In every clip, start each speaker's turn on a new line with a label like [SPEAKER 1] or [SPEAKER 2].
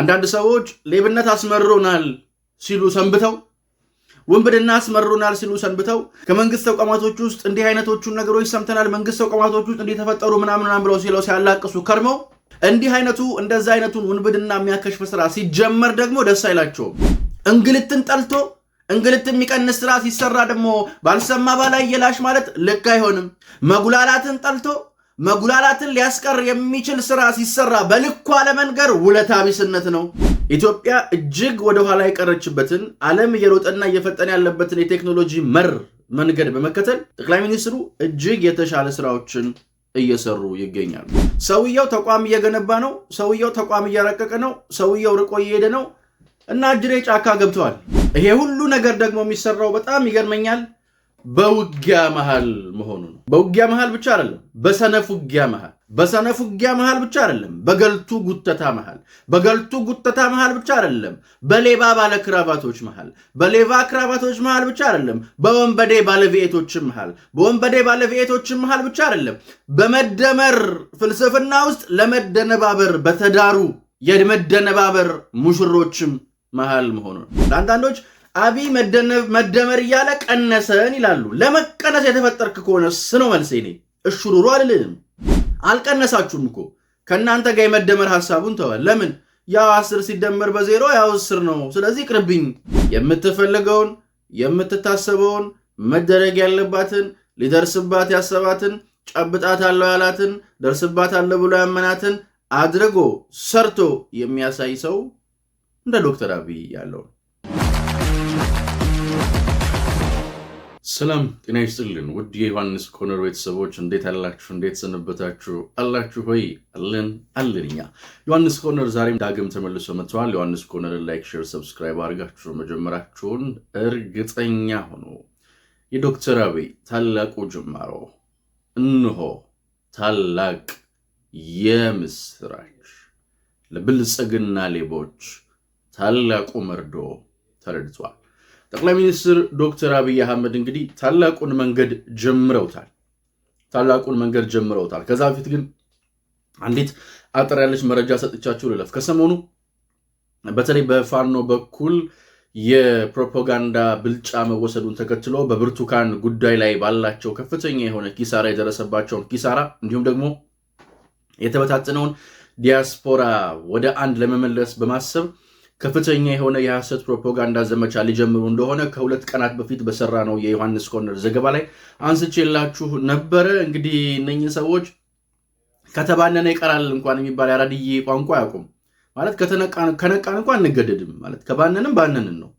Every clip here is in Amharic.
[SPEAKER 1] አንዳንድ ሰዎች ሌብነት አስመሮናል ሲሉ ሰንብተው ውንብድና አስመሮናል ሲሉ ሰንብተው ከመንግስት ተቋማቶች ውስጥ እንዲህ አይነቶቹን ነገሮች ሰምተናል፣ መንግስት ተቋማቶች ውስጥ እንዲተፈጠሩ ምናምን ብለው ሲለው ሲያላቅሱ ከርመው እንዲህ አይነቱ እንደዛ አይነቱን ውንብድና የሚያከሽፍ ስራ ሲጀመር ደግሞ ደስ አይላቸውም። እንግልትን ጠልቶ እንግልት የሚቀንስ ስራ ሲሰራ ደግሞ ባልሰማ ባላየላሽ ማለት ልክ አይሆንም። መጉላላትን ጠልቶ መጉላላትን ሊያስቀር የሚችል ስራ ሲሰራ በልኩ አለመንገር ውለታ ቢስነት ነው። ኢትዮጵያ እጅግ ወደኋላ የቀረችበትን ዓለም እየሮጠና እየፈጠነ ያለበትን የቴክኖሎጂ መር መንገድ በመከተል ጠቅላይ ሚኒስትሩ እጅግ የተሻለ ስራዎችን እየሰሩ ይገኛሉ። ሰውየው ተቋም እየገነባ ነው። ሰውየው ተቋም እያረቀቀ ነው። ሰውየው ርቆ እየሄደ ነው እና እጅሬ ጫካ ገብተዋል። ይሄ ሁሉ ነገር ደግሞ የሚሰራው በጣም ይገርመኛል በውጊያ መሃል መሆኑ ነው። በውጊያ መሃል ብቻ አይደለም፣ በሰነፍ ውጊያ መሃል፣ በሰነፍ ውጊያ መሃል ብቻ አይደለም፣ በገልቱ ጉተታ መሃል፣ በገልቱ ጉተታ መሃል ብቻ አይደለም፣ በሌባ ባለ ክራባቶች መሃል፣ በሌባ ክራባቶች መሃል ብቻ አይደለም፣ በወንበዴ ባለቤቶች መሃል፣ በወንበዴ ባለቤቶች መሃል ብቻ አይደለም፣ በመደመር ፍልስፍና ውስጥ ለመደነባበር በተዳሩ የመደነባበር ሙሽሮችም መሃል መሆኑ ነው። ለአንዳንዶች አብይ መደመር እያለ ቀነሰን ይላሉ። ለመቀነስ የተፈጠርክ ከሆነ ስኖ መልሴ። እኔ እሹሩሩ አልልህም። አልቀነሳችሁም እኮ ከእናንተ ጋር የመደመር ሀሳቡን ተዋል። ለምን ያው አስር ሲደመር በዜሮ ያው አስር ነው። ስለዚህ ቅርብኝ የምትፈልገውን የምትታሰበውን መደረግ ያለባትን ሊደርስባት ያሰባትን ጨብጣት አለው ያላትን ደርስባት አለ ብሎ ያመናትን አድርጎ ሰርቶ የሚያሳይ ሰው እንደ ዶክተር አብይ ያለው ሰላም ጤና ይስጥልን ውድ የዮሐንስ ኮርነር ቤተሰቦች እንዴት አላችሁ? እንዴት ሰነበታችሁ? አላችሁ ሆይ አለን አለን። እኛ ዮሐንስ ኮርነር ዛሬም ዳግም ተመልሶ መጥተዋል። ዮሐንስ ኮነር ላይክ፣ ሼር፣ ሰብስክራይብ አድርጋችሁ መጀመራችሁን እርግጠኛ ሆኖ የዶክተር አብይ ታላቁ ጅማሮ እንሆ ታላቅ የምስራች ለብልጽግና ሌቦች ታላቁ መርዶ ተረድቷል። ጠቅላይ ሚኒስትር ዶክተር አብይ አህመድ እንግዲህ ታላቁን መንገድ ጀምረውታል። ታላቁን መንገድ ጀምረውታል። ከዛ በፊት ግን አንዲት አጠር ያለች መረጃ ሰጥቻችሁ ልለፍ። ከሰሞኑ በተለይ በፋኖ በኩል የፕሮፓጋንዳ ብልጫ መወሰዱን ተከትሎ በብርቱካን ጉዳይ ላይ ባላቸው ከፍተኛ የሆነ ኪሳራ የደረሰባቸውን ኪሳራ እንዲሁም ደግሞ የተበታተነውን ዲያስፖራ ወደ አንድ ለመመለስ በማሰብ ከፍተኛ የሆነ የሐሰት ፕሮፓጋንዳ ዘመቻ ሊጀምሩ እንደሆነ ከሁለት ቀናት በፊት በሰራ ነው የዮሐንስ ኮርነር ዘገባ ላይ አንስቼላችሁ ነበረ። እንግዲህ እነኚህ ሰዎች ከተባነነ ይቀራል እንኳን የሚባል የአራድዬ ቋንቋ አያውቁም። ማለት ከነቃን እንኳ አንገደድም ማለት ከባነንም ባነንን ነው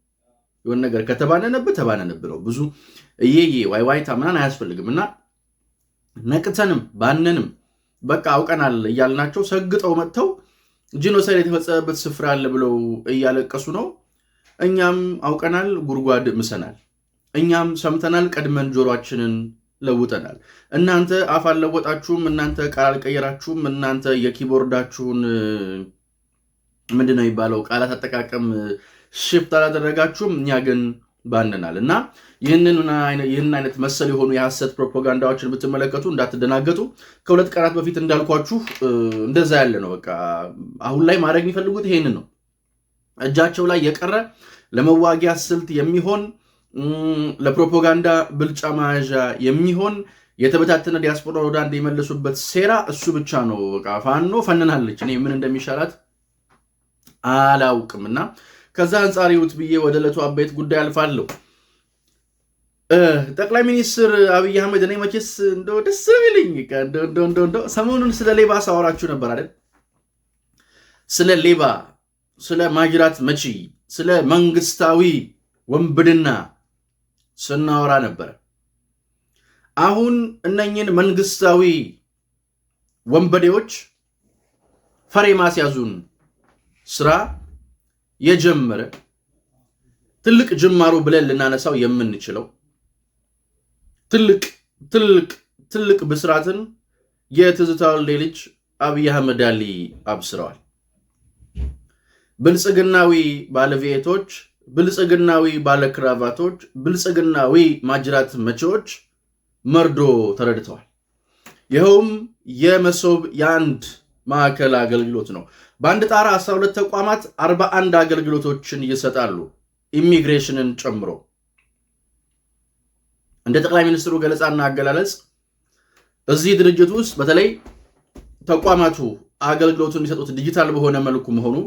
[SPEAKER 1] የሆነ ነገር ከተባነነብህ ተባነነብህ ነው። ብዙ እየዬ ዋይ ዋይዋይታ ምናምን አያስፈልግም እና ነቅተንም ባነንም በቃ አውቀናል እያልናቸው ሰግጠው መጥተው ጂኖሳይድ የተፈጸመበት ስፍራ አለ ብለው እያለቀሱ ነው። እኛም አውቀናል፣ ጉድጓድ ምሰናል። እኛም ሰምተናል፣ ቀድመን ጆሯችንን ለውጠናል። እናንተ አፍ አልለወጣችሁም፣ እናንተ ቃል አልቀየራችሁም፣ እናንተ የኪቦርዳችሁን ምንድን ነው የሚባለው ቃላት አጠቃቀም ሽፍት አላደረጋችሁም። እኛ ግን ባንናል እና ይህንን አይነት መሰል የሆኑ የሐሰት ፕሮፓጋንዳዎችን ብትመለከቱ እንዳትደናገጡ። ከሁለት ቀናት በፊት እንዳልኳችሁ እንደዛ ያለ ነው። በቃ አሁን ላይ ማድረግ የሚፈልጉት ይሄን ነው። እጃቸው ላይ የቀረ ለመዋጊያ ስልት የሚሆን ለፕሮፓጋንዳ ብልጫ መያዣ የሚሆን የተበታተነ ዲያስፖራ ወደ አንድ የመለሱበት ሴራ እሱ ብቻ ነው። በቃ ፋኖ ፈንናለች። እኔ ምን እንደሚሻላት አላውቅም እና ከዛ አንጻር ይዩት ብዬ ወደ ዕለቱ አበይት ጉዳይ አልፋለሁ። ጠቅላይ ሚኒስትር አብይ አህመድ እኔ መቼስ እንደው ደስ የሚልኝ ሰሞኑን ስለ ሌባ ሳወራችሁ ነበር አይደል? ስለ ሌባ፣ ስለ ማጅራት መቺ፣ ስለ መንግስታዊ ወንብድና ስናወራ ነበር። አሁን እነኝን መንግስታዊ ወንበዴዎች ፈሬ ማስያዙን ስራ የጀመረ ትልቅ ጅማሮ ብለን ልናነሳው የምንችለው ትልቅ ትልቅ ትልቅ ብስራትን የትዝታው ልጅ አብይ አህመድ አሊ አብስረዋል። ብልጽግናዊ ባለቤቶች፣ ብልጽግናዊ ባለክራቫቶች፣ ብልጽግናዊ ማጅራት መቼዎች መርዶ ተረድተዋል። ይኸውም የመሶብ የአንድ ማዕከል አገልግሎት ነው። በአንድ ጣራ 12 ተቋማት 41 አገልግሎቶችን ይሰጣሉ ኢሚግሬሽንን ጨምሮ። እንደ ጠቅላይ ሚኒስትሩ ገለጻና አገላለጽ እዚህ ድርጅት ውስጥ በተለይ ተቋማቱ አገልግሎቱን የሚሰጡት ዲጂታል በሆነ መልኩ መሆኑ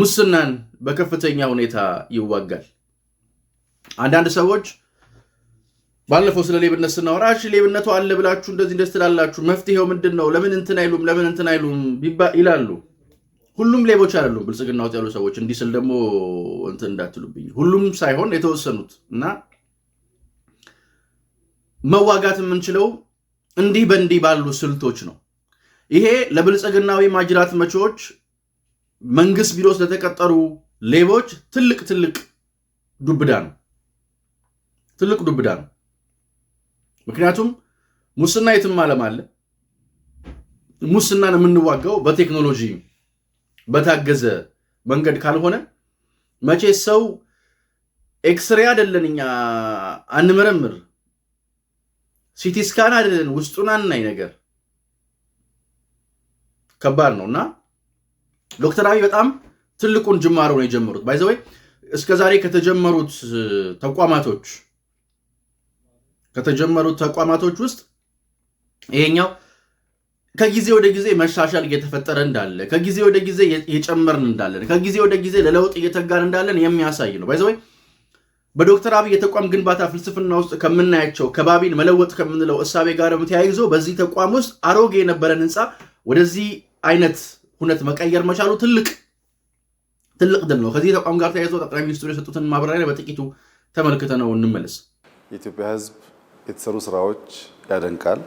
[SPEAKER 1] ሙስናን በከፍተኛ ሁኔታ ይዋጋል። አንዳንድ ሰዎች ባለፈው ስለ ሌብነት ስናወራ ሌብነቱ አለ ብላችሁ እንደዚህ እንደስትላላችሁ ትላላችሁ፣ መፍትሄው ምንድን ነው? ለምን እንትን አይሉም? ለምን እንትን አይሉም ይላሉ። ሁሉም ሌቦች አይደሉም ብልጽግና ውስጥ ያሉ ሰዎች። እንዲህ ስል ደግሞ እንትን እንዳትሉብኝ፣ ሁሉም ሳይሆን የተወሰኑት እና መዋጋት የምንችለው እንዲህ በእንዲህ ባሉ ስልቶች ነው። ይሄ ለብልጽግናዊ ማጅራት መቼዎች መንግስት ቢሮ ስለተቀጠሩ ሌቦች ትልቅ ትልቅ ዱብዳ ነው። ትልቅ ዱብዳ ነው። ምክንያቱም ሙስና የትም ዓለም አለ። ሙስናን የምንዋጋው በቴክኖሎጂ በታገዘ መንገድ ካልሆነ መቼ ሰው ኤክስሬ አይደለን እኛ አንመረምር፣ ሲቲስካን አይደለን ውስጡን አናይ ነገር ከባድ ነው እና ዶክተር አብይ በጣም ትልቁን ጅማሮ ነው የጀመሩት። ባይዘወይ እስከ ዛሬ ከተጀመሩት ተቋማቶች ከተጀመሩት ተቋማቶች ውስጥ ይሄኛው ከጊዜ ወደ ጊዜ መሻሻል እየተፈጠረ እንዳለ ከጊዜ ወደ ጊዜ የጨመርን እንዳለን ከጊዜ ወደ ጊዜ ለለውጥ እየተጋን እንዳለን የሚያሳይ ነው። ባይዘወይ በዶክተር አብይ የተቋም ግንባታ ፍልስፍና ውስጥ ከምናያቸው ከባቢን መለወጥ ከምንለው እሳቤ ጋር ተያይዞ በዚህ ተቋም ውስጥ አሮጌ የነበረን ህንፃ ወደዚህ አይነት ሁነት መቀየር መቻሉ ትልቅ ትልቅ ድል ነው። ከዚህ ተቋም ጋር ተያይዞ ጠቅላይ ሚኒስትሩ የሰጡትን ማብራሪያ በጥቂቱ ተመልክተ ነው እንመለስ።
[SPEAKER 2] የኢትዮጵያ ህዝብ የተሰሩ ስራዎች ያደንቃል።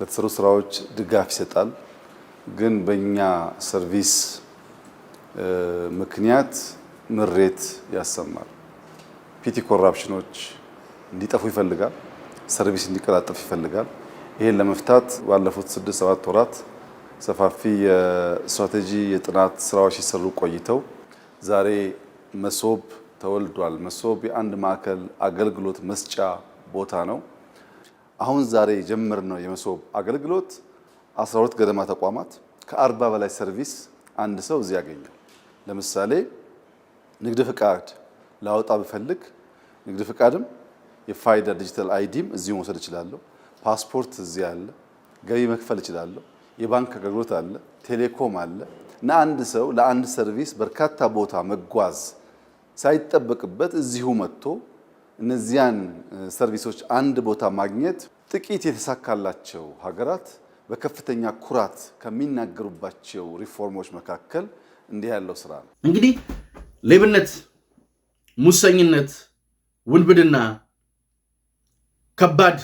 [SPEAKER 2] ለተሰሩ ስራዎች ድጋፍ ይሰጣል። ግን በእኛ ሰርቪስ ምክንያት ምሬት ያሰማል። ፒቲ ኮራፕሽኖች እንዲጠፉ ይፈልጋል። ሰርቪስ እንዲቀላጠፍ ይፈልጋል። ይሄን ለመፍታት ባለፉት ስድስት ሰባት ወራት ሰፋፊ የስትራቴጂ የጥናት ስራዎች ሲሰሩ ቆይተው ዛሬ መሶብ ተወልዷል። መሶብ የአንድ ማዕከል አገልግሎት መስጫ ቦታ ነው። አሁን ዛሬ ጀምር ነው የመሶብ አገልግሎት 12 ገደማ ተቋማት ከአርባ በላይ ሰርቪስ አንድ ሰው እዚህ ያገኛል። ለምሳሌ ንግድ ፍቃድ ላወጣ ብፈልግ ንግድ ፍቃድም የፋይዳ ዲጂታል አይዲም እዚሁ መውሰድ እችላለሁ። ፓስፖርት እዚህ አለ። ገቢ መክፈል እችላለሁ። የባንክ አገልግሎት አለ። ቴሌኮም አለ እና አንድ ሰው ለአንድ ሰርቪስ በርካታ ቦታ መጓዝ ሳይጠበቅበት እዚሁ መጥቶ እነዚያን ሰርቪሶች አንድ ቦታ ማግኘት ጥቂት የተሳካላቸው ሀገራት በከፍተኛ ኩራት ከሚናገሩባቸው ሪፎርሞች መካከል እንዲህ ያለው ስራ ነው።
[SPEAKER 1] እንግዲህ ሌብነት፣ ሙሰኝነት፣ ውንብድና ከባድ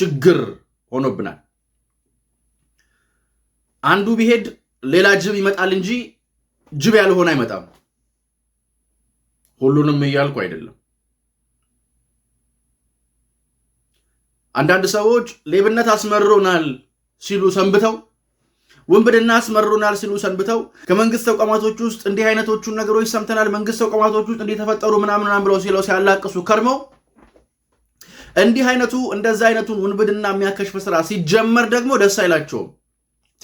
[SPEAKER 1] ችግር ሆኖብናል። አንዱ ቢሄድ ሌላ ጅብ ይመጣል እንጂ ጅብ ያልሆነ አይመጣም። ሁሉንም እያልኩ አይደለም። አንዳንድ ሰዎች ሌብነት አስመሮናል ሲሉ ሰንብተው ውንብድና አስመሩናል ሲሉ ሰንብተው ከመንግስት ተቋማቶች ውስጥ እንዲህ አይነቶቹን ነገሮች ሰምተናል፣ መንግስት ተቋማቶች ውስጥ እንዲህ ተፈጠሩ ብለው ሲለው ሲያላቅሱ ከርመው እንዲህ አይነቱ እንደዛ አይነቱን ውንብድና የሚያከሽፍ ስራ ሲጀመር ደግሞ ደስ አይላቸውም።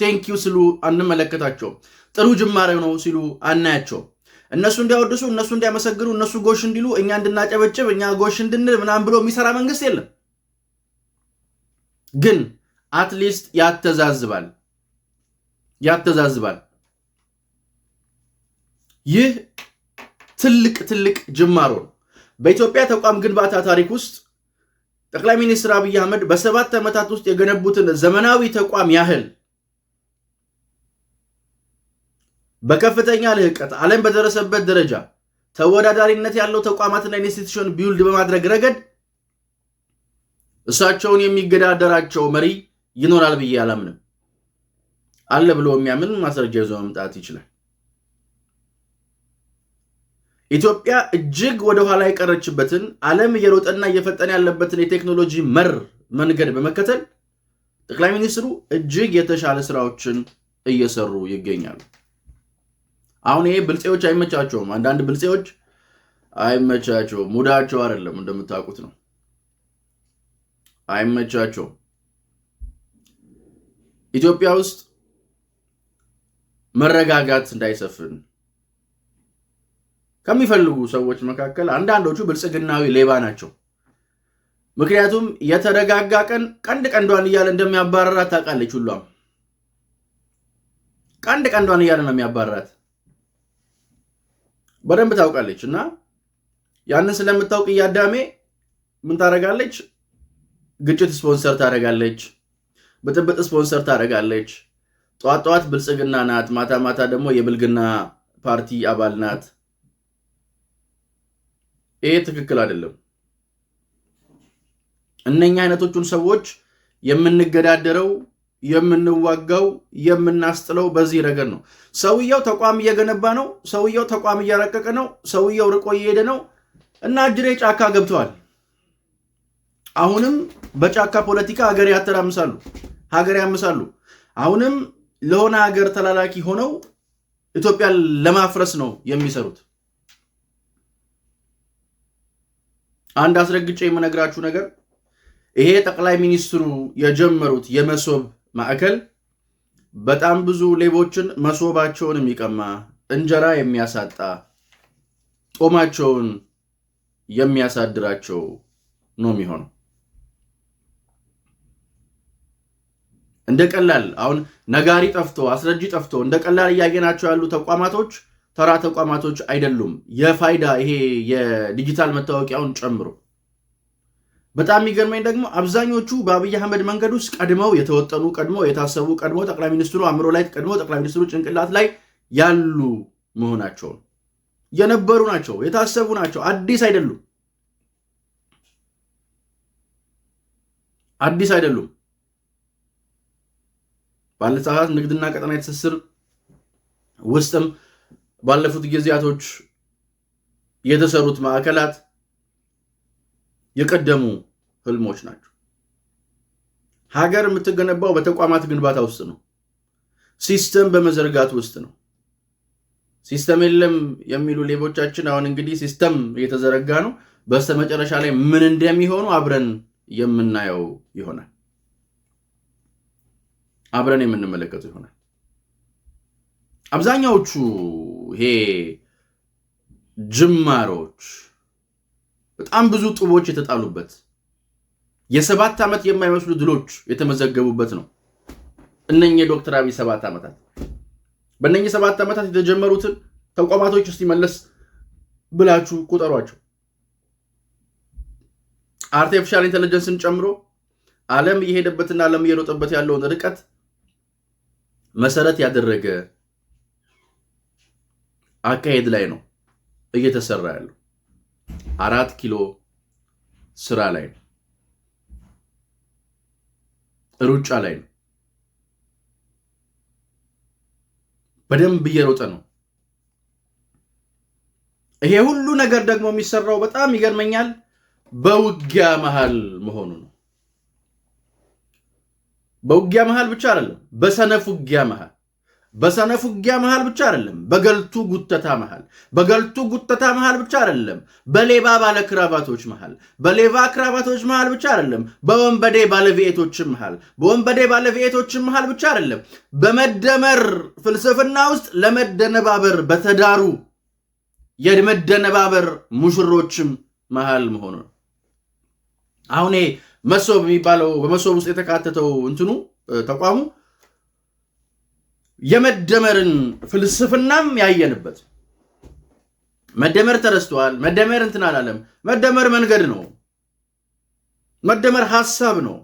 [SPEAKER 1] ቴንኪዩ ሲሉ አንመለከታቸውም። ጥሩ ጅማሬ ነው ሲሉ አናያቸው። እነሱ እንዲያወድሱ፣ እነሱ እንዲያመሰግኑ፣ እነሱ ጎሽ እንዲሉ፣ እኛ እንድናጨበጭብ፣ እኛ ጎሽ እንድንል ምናም ብሎ የሚሰራ መንግስት የለም። ግን አትሊስት ያተዛዝባል ያተዛዝባል። ይህ ትልቅ ትልቅ ጅማሮ ነው። በኢትዮጵያ ተቋም ግንባታ ታሪክ ውስጥ ጠቅላይ ሚኒስትር አብይ አህመድ በሰባት ዓመታት ውስጥ የገነቡትን ዘመናዊ ተቋም ያህል በከፍተኛ ልህቀት ዓለም በደረሰበት ደረጃ ተወዳዳሪነት ያለው ተቋማትና ኢንስቲትዩሽን ቢውልድ በማድረግ ረገድ እሳቸውን የሚገዳደራቸው መሪ ይኖራል ብዬ አላምንም። አለ ብሎ የሚያምን ማስረጃ ይዞ መምጣት ይችላል። ኢትዮጵያ እጅግ ወደኋላ የቀረችበትን ዓለም እየሮጠና እየፈጠነ ያለበትን የቴክኖሎጂ መር መንገድ በመከተል ጠቅላይ ሚኒስትሩ እጅግ የተሻለ ስራዎችን እየሰሩ ይገኛሉ። አሁን ይሄ ብልፄዎች አይመቻቸውም። አንዳንድ ብልፄዎች አይመቻቸውም። ሙዳቸው አይደለም፣ እንደምታውቁት ነው። አይመቻቸውም። ኢትዮጵያ ውስጥ መረጋጋት እንዳይሰፍን ከሚፈልጉ ሰዎች መካከል አንዳንዶቹ ብልጽግናዊ ሌባ ናቸው። ምክንያቱም የተረጋጋ ቀን ቀንድ ቀንዷን እያለ እንደሚያባረራት ታውቃለች። ሁሏም ቀንድ ቀንዷን እያለ ነው የሚያባረራት በደንብ ታውቃለች። እና ያንን ስለምታውቅ እያዳሜ ምን ታደርጋለች? ግጭት ስፖንሰር ታደርጋለች፣ ብጥብጥ ስፖንሰር ታደርጋለች። ጠዋት ጠዋት ብልጽግና ናት፣ ማታ ማታ ደግሞ የብልግና ፓርቲ አባል ናት። ይሄ ትክክል አይደለም። እነኛ አይነቶቹን ሰዎች የምንገዳደረው የምንዋጋው የምናስጥለው በዚህ ረገድ ነው። ሰውየው ተቋም እየገነባ ነው። ሰውየው ተቋም እያረቀቀ ነው። ሰውየው ርቆ እየሄደ ነው እና እጅሬ ጫካ ገብተዋል። አሁንም በጫካ ፖለቲካ ሀገር ያተራምሳሉ፣ ሀገር ያምሳሉ። አሁንም ለሆነ ሀገር ተላላኪ ሆነው ኢትዮጵያን ለማፍረስ ነው የሚሰሩት። አንድ አስረግጬ የምነግራችሁ ነገር ይሄ ጠቅላይ ሚኒስትሩ የጀመሩት የመሶብ ማዕከል በጣም ብዙ ሌቦችን መሶባቸውን የሚቀማ እንጀራ የሚያሳጣ ጦማቸውን የሚያሳድራቸው ነው የሚሆነው። እንደ ቀላል አሁን ነጋሪ ጠፍቶ አስረጂ ጠፍቶ እንደ ቀላል እያየናቸው ያሉ ተቋማቶች ተራ ተቋማቶች አይደሉም። የፋይዳ ይሄ የዲጂታል መታወቂያውን ጨምሮ በጣም የሚገርመኝ ደግሞ አብዛኞቹ በአብይ አህመድ መንገድ ውስጥ ቀድመው የተወጠኑ ቀድመው የታሰቡ ቀድሞ ጠቅላይ ሚኒስትሩ አእምሮ ላይ ቀድሞ ጠቅላይ ሚኒስትሩ ጭንቅላት ላይ ያሉ መሆናቸውን የነበሩ ናቸው፣ የታሰቡ ናቸው፣ አዲስ አይደሉም፣ አዲስ አይደሉም። ባለሰዓት ንግድና ቀጠና ትስስር ውስጥም ባለፉት ጊዜያቶች የተሰሩት ማዕከላት የቀደሙ ህልሞች ናቸው። ሀገር የምትገነባው በተቋማት ግንባታ ውስጥ ነው። ሲስተም በመዘርጋት ውስጥ ነው። ሲስተም የለም የሚሉ ሌቦቻችን አሁን እንግዲህ ሲስተም እየተዘረጋ ነው። በስተመጨረሻ ላይ ምን እንደሚሆኑ አብረን የምናየው ይሆናል። አብረን የምንመለከተው ይሆናል። አብዛኛዎቹ ይሄ ጅማሮች በጣም ብዙ ጡቦች የተጣሉበት የሰባት ዓመት የማይመስሉ ድሎች የተመዘገቡበት ነው። እነኚህ የዶክተር አብይ ሰባት ዓመታት በእነኚህ ሰባት ዓመታት የተጀመሩትን ተቋማቶች ውስጥ ይመለስ ብላችሁ ቁጠሯቸው። አርቲፊሻል ኢንቴሊጀንስን ጨምሮ ዓለም እየሄደበትና ዓለም እየሮጠበት ያለውን ርቀት መሰረት ያደረገ አካሄድ ላይ ነው እየተሰራ ያለው። አራት ኪሎ ስራ ላይ ነው፣ ሩጫ ላይ ነው። በደንብ እየሮጠ ነው። ይሄ ሁሉ ነገር ደግሞ የሚሰራው በጣም ይገርመኛል በውጊያ መሃል መሆኑ ነው። በውጊያ መሃል ብቻ አይደለም፣ በሰነፍ ውጊያ መሃል በሰነፍ ውጊያ መሃል ብቻ አይደለም፣ በገልቱ ጉተታ መሃል በገልቱ ጉተታ መሃል ብቻ አይደለም፣ በሌባ ባለ ክራባቶች መሃል በሌባ ክራባቶች መሃል ብቻ አይደለም፣ በወንበዴ ባለቪኤቶችም መሃል በወንበዴ ባለቪኤቶችም መሃል ብቻ አይደለም፣ በመደመር ፍልስፍና ውስጥ ለመደነባበር በተዳሩ የመደነባበር ሙሽሮችም መሃል መሆኑ ነው። መሶብ የሚባለው በመሶብ ውስጥ የተካተተው እንትኑ ተቋሙ የመደመርን ፍልስፍናም ያየንበት መደመር ተረስተዋል። መደመር እንትን አላለም። መደመር መንገድ ነው። መደመር ሀሳብ ነው።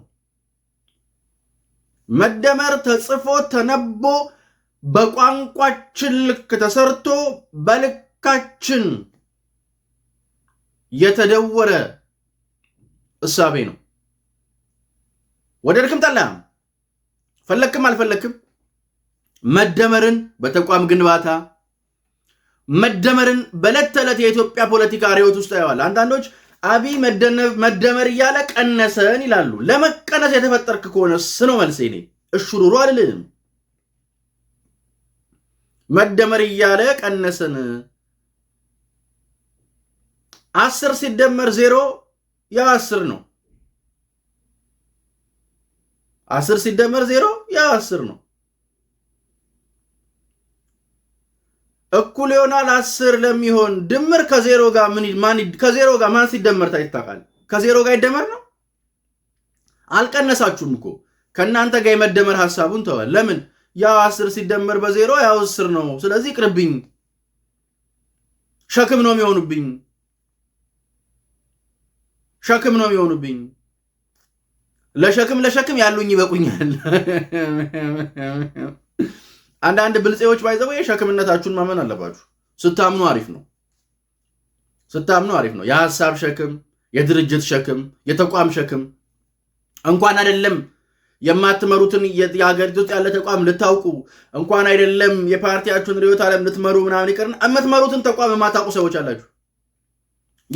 [SPEAKER 1] መደመር ተጽፎ ተነቦ በቋንቋችን ልክ ተሰርቶ በልካችን የተደወረ እሳቤ ነው። ወደድክም ጠላህም ፈለክም አልፈለክም መደመርን በተቋም ግንባታ መደመርን በዕለት ተዕለት የኢትዮጵያ ፖለቲካ ርዕዮት ውስጥ ያዋል። አንዳንዶች አብይ መደመር እያለ ቀነሰን ይላሉ። ለመቀነስ የተፈጠርክ ከሆነ ስኖ መልሴ ኔ እሹሩሩ አልልም። መደመር እያለ ቀነሰን አስር ሲደመር ዜሮ ያው አስር ነው። አስር ሲደመር ዜሮ ያ አስር ነው። እኩል ይሆናል አስር ለሚሆን ድምር ከዜሮ ጋር ምን ማን ከዜሮ ጋር ማን ሲደመር ታይታቃል? ከዜሮ ጋር ይደመር ነው። አልቀነሳችሁም እኮ ከእናንተ ጋር የመደመር ሀሳቡን ተዋል። ለምን ያው አስር ሲደመር በዜሮ ያው አስር ነው። ስለዚህ ቅርብኝ ሸክም ነው የሚሆኑብኝ፣ ሸክም ነው የሚሆኑብኝ። ለሸክም ለሸክም ያሉኝ ይበቁኛል። አንዳንድ ብልጼዎች ባይዘው የሸክምነታችሁን ማመን አለባችሁ። ስታምኑ አሪፍ ነው። ስታምኑ አሪፍ ነው። የሀሳብ ሸክም፣ የድርጅት ሸክም፣ የተቋም ሸክም እንኳን አይደለም የማትመሩትን የሀገሪቱ ውስጥ ያለ ተቋም ልታውቁ እንኳን አይደለም የፓርቲያችሁን ርዕዮተ ዓለም ልትመሩ ምናምን ይቅርና የምትመሩትን ተቋም የማታውቁ ሰዎች አላችሁ።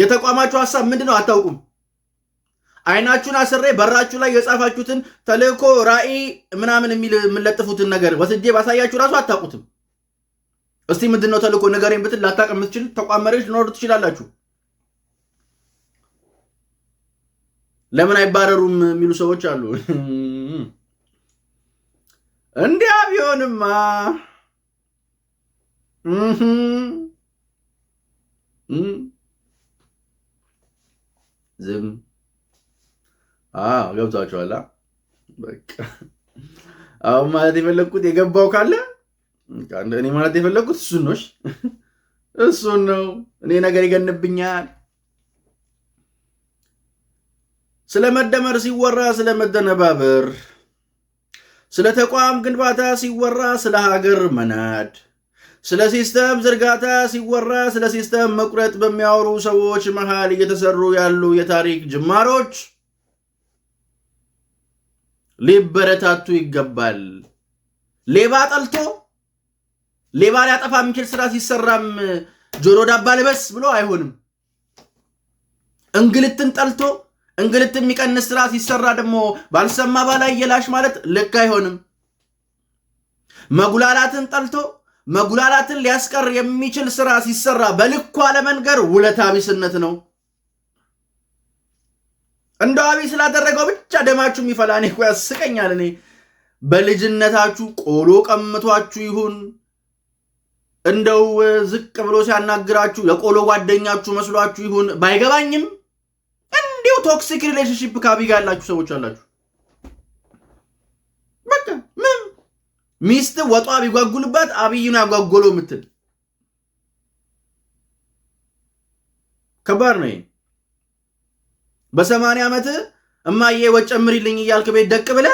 [SPEAKER 1] የተቋማችሁ ሀሳብ ምንድን ነው አታውቁም። አይናችሁን አስሬ በራችሁ ላይ የጻፋችሁትን ተልእኮ ራእይ ምናምን የሚል የምንለጥፉትን ነገር ወስጄ ባሳያችሁ ራሱ አታውቁትም። እስቲ ምንድን ነው ተልእኮ ነገሬን ብትል ላታውቅ የምትችል ተቋም መሪዎች ልኖር ትችላላችሁ። ለምን አይባረሩም የሚሉ ሰዎች አሉ። እንዲያ ቢሆንማ ዝም ገብቷችኋል። አሁን ማለት የፈለግኩት የገባው ካለ እኔ ማለት የፈለግኩት እሱን ነው። እሱን ነው። እኔ ነገር ይገንብኛል። ስለ መደመር ሲወራ ስለ መደነባበር፣ ስለ ተቋም ግንባታ ሲወራ ስለ ሀገር መናድ፣ ስለ ሲስተም ዝርጋታ ሲወራ ስለ ሲስተም መቁረጥ በሚያወሩ ሰዎች መሃል እየተሰሩ ያሉ የታሪክ ጅማሮች ሊበረታቱ ይገባል። ሌባ ጠልቶ ሌባ ሊያጠፋ የሚችል ስራ ሲሰራም ጆሮ ዳባ ልበስ ብሎ አይሆንም። እንግልትን ጠልቶ እንግልት የሚቀንስ ስራ ሲሰራ ደግሞ ባልሰማ ባላይ የላሽ ማለት ልክ አይሆንም። መጉላላትን ጠልቶ መጉላላትን ሊያስቀር የሚችል ስራ ሲሰራ በልኩ አለመንገር ውለታቢስነት ነው። እንደ አብይ ስላደረገው ብቻ ደማችሁ የሚፈላ እኔ እኮ ያስቀኛል። እኔ በልጅነታችሁ ቆሎ ቀምቷችሁ ይሁን እንደው ዝቅ ብሎ ሲያናግራችሁ ለቆሎ ጓደኛችሁ መስሏችሁ ይሁን ባይገባኝም እንዲሁ ቶክሲክ ሪሌሽንሽፕ ከአብይ ጋር ያላችሁ ሰዎች አላችሁ። በቃ ምን ሚስት ወጧ ቢጓጉልባት አብይን ያጓጎሎ የምትል ከባድ ነው ይሄ። በሰማንያ ዓመት እማዬ ወጥ ጨምሪልኝ እያልክ ቤት ደቅ ብለ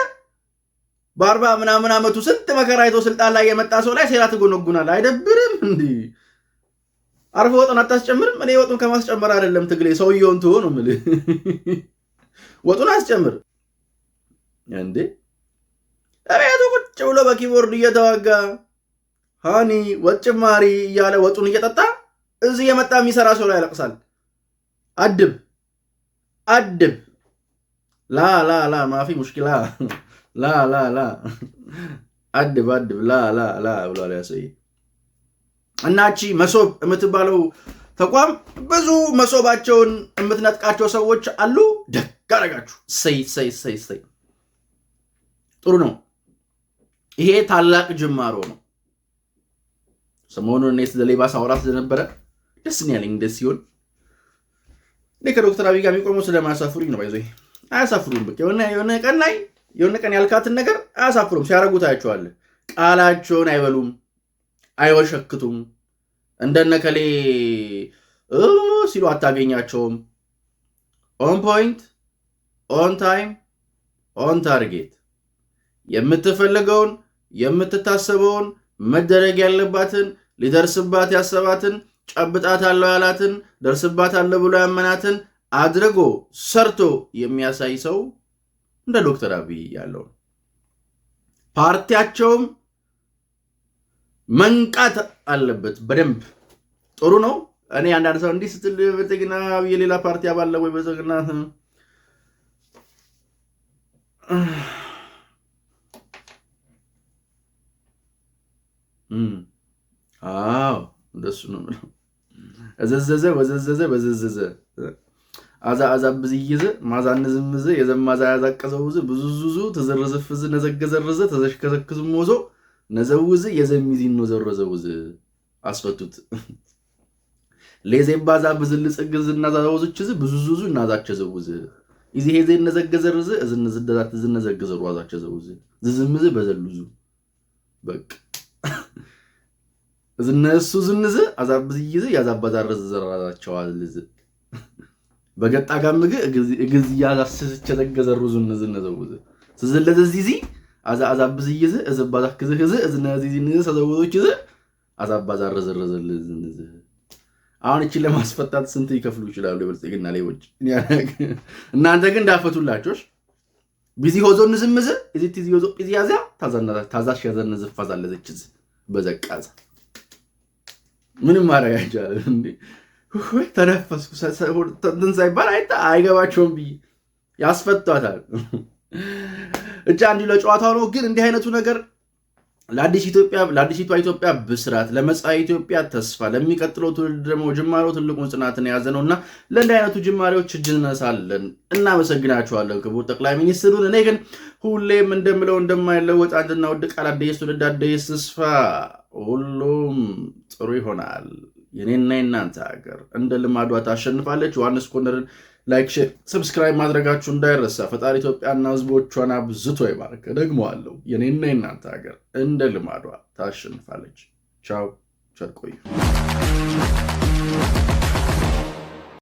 [SPEAKER 1] በአርባ ምናምን ዓመቱ ስንት መከራ አይቶ ስልጣን ላይ የመጣ ሰው ላይ ሴራ ትጎነጉናል። አይደብርም? እንዲህ አርፎ ወጡን አታስጨምርም? እኔ ወጡን ከማስጨመር አይደለም ትግሌ፣ ሰውየውን ነው ምል ወጡን አስጨምር እንዴ እቤቱ ቁጭ ብሎ በኪቦርድ እየተዋጋ ሃኒ ወጭማሪ እያለ ወጡን እየጠጣ እዚህ የመጣ የሚሰራ ሰው ላይ ያለቅሳል። አድብ አድም ላ ላ ላ ማፊ ሙሽኪላ ላ ላ ላ አድብ አድብ ላ ላ ላ ብሏል ያሰይ እናቺ መሶብ የምትባለው ተቋም ብዙ መሶባቸውን የምትነጥቃቸው ሰዎች አሉ። ደግ አደረጋችሁ። ሰይ ሰይ ሰይ ሰይ ጥሩ ነው። ይሄ ታላቅ ጅማሮ ነው። ሰሞኑን እኔ ስለ ሌባ ሳወራ ስለነበረ ደስ ያለኝ። ደስ ሲሆን እኔ ከዶክተር አብይ ጋር የሚቆመው ስለማያሳፍሩኝ ነው። ባይዞ አያሳፍሩም። በቃ የሆነ ቀን ላይ የሆነ ቀን ያልካትን ነገር አያሳፍሩም። ሲያደርጉ ታያቸዋለህ። ቃላቸውን አይበሉም፣ አይወሸክቱም። እንደነከሌ ሲሉ አታገኛቸውም። ኦን ፖይንት፣ ኦን ታይም፣ ኦን ታርጌት የምትፈልገውን የምትታሰበውን መደረግ ያለባትን ሊደርስባት ያሰባትን ጨብጣታለሁ ያላትን ደርስባታለሁ ብሎ ያመናትን አድርጎ ሰርቶ የሚያሳይ ሰው እንደ ዶክተር አብይ ያለው ነው። ፓርቲያቸውም መንቃት አለበት። በደንብ ጥሩ ነው። እኔ አንዳንድ ሰው እንዲህ ስትል ብልጽግና የሌላ ፓርቲ አባለ ወይ ብልጽግና አዎ እንደሱ ነው። እዘዘዘ ወዘዘዘ በዘዘዘ አዛ አዛ ብዝይዘ ማዛ የዘማዛ ያዛቀዘውዝ ብዙዙዙ ተዘረዘፍዝ ነዘገዘርዘ ተዘሽከዘክዝ ሞዞ ነዘውዝ የዘሚዚን ነው ዘረዘውዝ አስፈቱት ሌዜባ ዛ ብዝል ጽግዝ እናዛዘውዝችዝ ብዙዙዙ እናዛቸዘውዝ ይዚ ሄዜ እነዘገዘርዝ እዝነዝደዛት ዝነዘገዘሩ አዛቸዘውዝ ዝዝምዝ በዘሉዙ በቅ እነሱ ዝንዝ አዛብዝ ይዝ ያዛባዛረዝ ዘራዛቸዋል ዝ በገጣ ጋም ግ እግዝ ያዛስስቸ ዘገዘሩ ዝንዝ ነዘውዝ ስዝለዘዚዚ አዛ አዛብዝይዝ እዝባዛክዝህ ዝ እዝነዚዚንዝ ሰዘውዞች ዝ አዛባዛር ዝንዝ አሁን እችን ለማስፈታት ስንት ይከፍሉ ይችላሉ? የብልጽግና ሌቦች። እናንተ ግን ዳፈቱላቸውሽ ቢዚ ሆዞ ንዝምዝ እዚ ቲዚ ሆዞ ዚ ያዚያ ታዛሽ ያዘንዝፋዛለዘችዝ በዘቃዛ ምንም ማድረግ አይቻልም። ተነፈስኩ እንትን ሳይባል አይታ አይገባቸውም ብዬ ያስፈቷታል። እጫ እንዲሁ ለጨዋታው ነው። ግን እንዲህ አይነቱ ነገር ለአዲስ ኢትዮጵያ ለአዲሲቷ ኢትዮጵያ ብስራት፣ ለመጻኢ ኢትዮጵያ ተስፋ፣ ለሚቀጥለው ትውልድ ደግሞ ጅማሬው ትልቁን ጽናትን የያዘ ነው እና ለእንዲህ አይነቱ ጅማሬዎች እጅ እንነሳለን። እናመሰግናችኋለን ክቡር ጠቅላይ ሚኒስትሩን። እኔ ግን ሁሌም እንደምለው እንደማይለወጥ አንድና ውድ ቃል አዲስ ትውልድ አዲስ ተስፋ፣ ሁሉም ጥሩ ይሆናል። የኔና የናንተ ሀገር እንደ ልማዷ ታሸንፋለች። ዮሐንስ ኮርነርን ላይክ፣ ሼር፣ ሰብስክራይብ ማድረጋችሁ እንዳይረሳ። ፈጣሪ ኢትዮጵያና ሕዝቦቿን አብዝቶ ይባርክ። ደግሜዋለሁ፣ የኔና የናንተ ሀገር እንደ ልማዷ ታሸንፋለች። ቻው፣ ቸር ቆዩ።